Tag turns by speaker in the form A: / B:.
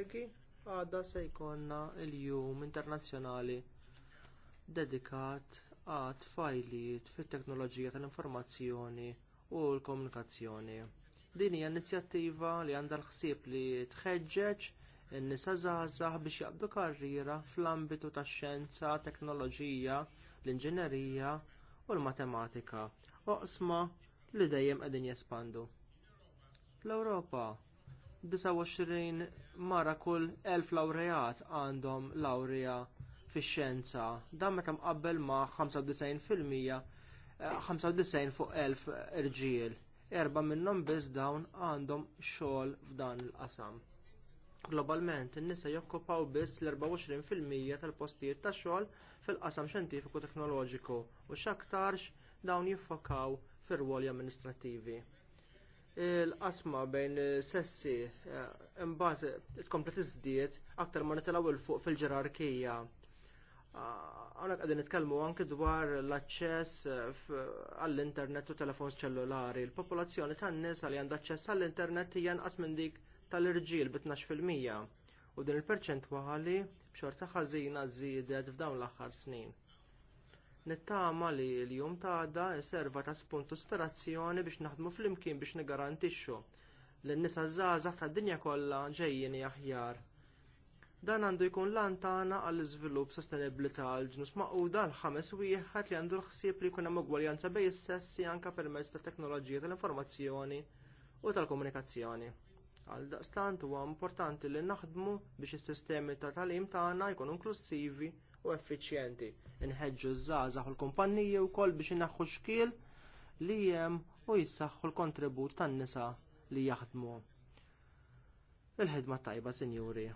A: kollegi, għada se jkollna l jum internazzjonali dedikat għat tfajlijiet fit teknoloġija tal-informazzjoni u l-komunikazzjoni. Din hija inizjattiva li għandha l-ħsieb li tħeġġeġ in-nisa żgħażagħ biex jaqbdu karriera fl-ambitu tax-xjenza, teknoloġija, l-inġinerija u l-matematika, oqsma li dejjem qegħdin jespandu. L-Ewropa 29 mara kull 1000 lawreat għandhom lawrea fix-xjenza. Dan meta mqabbel ma' 95 fil-mija 95 eh, fuq 1000 irġiel. Erba' minnhom biss dawn għandhom xogħol f'dan il-qasam. Globalment, in-nisa jokkupaw biss l-24 fil-mija tal-postijiet tax xogħol fil-qasam xjentifiku teknoloġiku u x'aktarx dawn jiffokaw fir-rwoli amministrattivi l-qasma bejn sessi eh, imbagħad tkompli tiżdied aktar ma nitilgħu il fuq fil-ġerarkija. Għana ah, qegħdin nitkellmu anki dwar l-aċċess eh, għall-internet u telefons ċellulari. Il-popolazzjoni tan nies li għandha aċċess għall-internet hija nqas minn dik tal-irġiel fil-mija. u din il-perċentwali b'xorta ħażina żiedet f'dawn l-aħħar snin. Nittama li l-jum tagħna serva ta' spuntu ispirazzjoni biex naħdmu flimkien biex nigarantixxu li n-nisa żgħażagħ tad-dinja kollha ġejjin aħjar. Dan għandu jkun lan tagħna għall iżvilupp sostenibbli tal-ġnus maquda l ħames wieħed li għandu l-ħsieb li jkun hemm ugwarjanza bejn is-sessi anke permezz tat teknoloġija tal-informazzjoni u tal-komunikazzjoni. Għaldaqstant huwa importanti li naħdmu biex is-sistemi ta' tagħlim tagħna jkunu inklusivi u effiċjenti. Inħeġġu żgħażagħ u l-kumpaniji wkoll biex inaħħu xkiel li hemm u jissaħħu l-kontribut tan-nisa li jaħdmu. Il-ħidma tajba, sinjuri.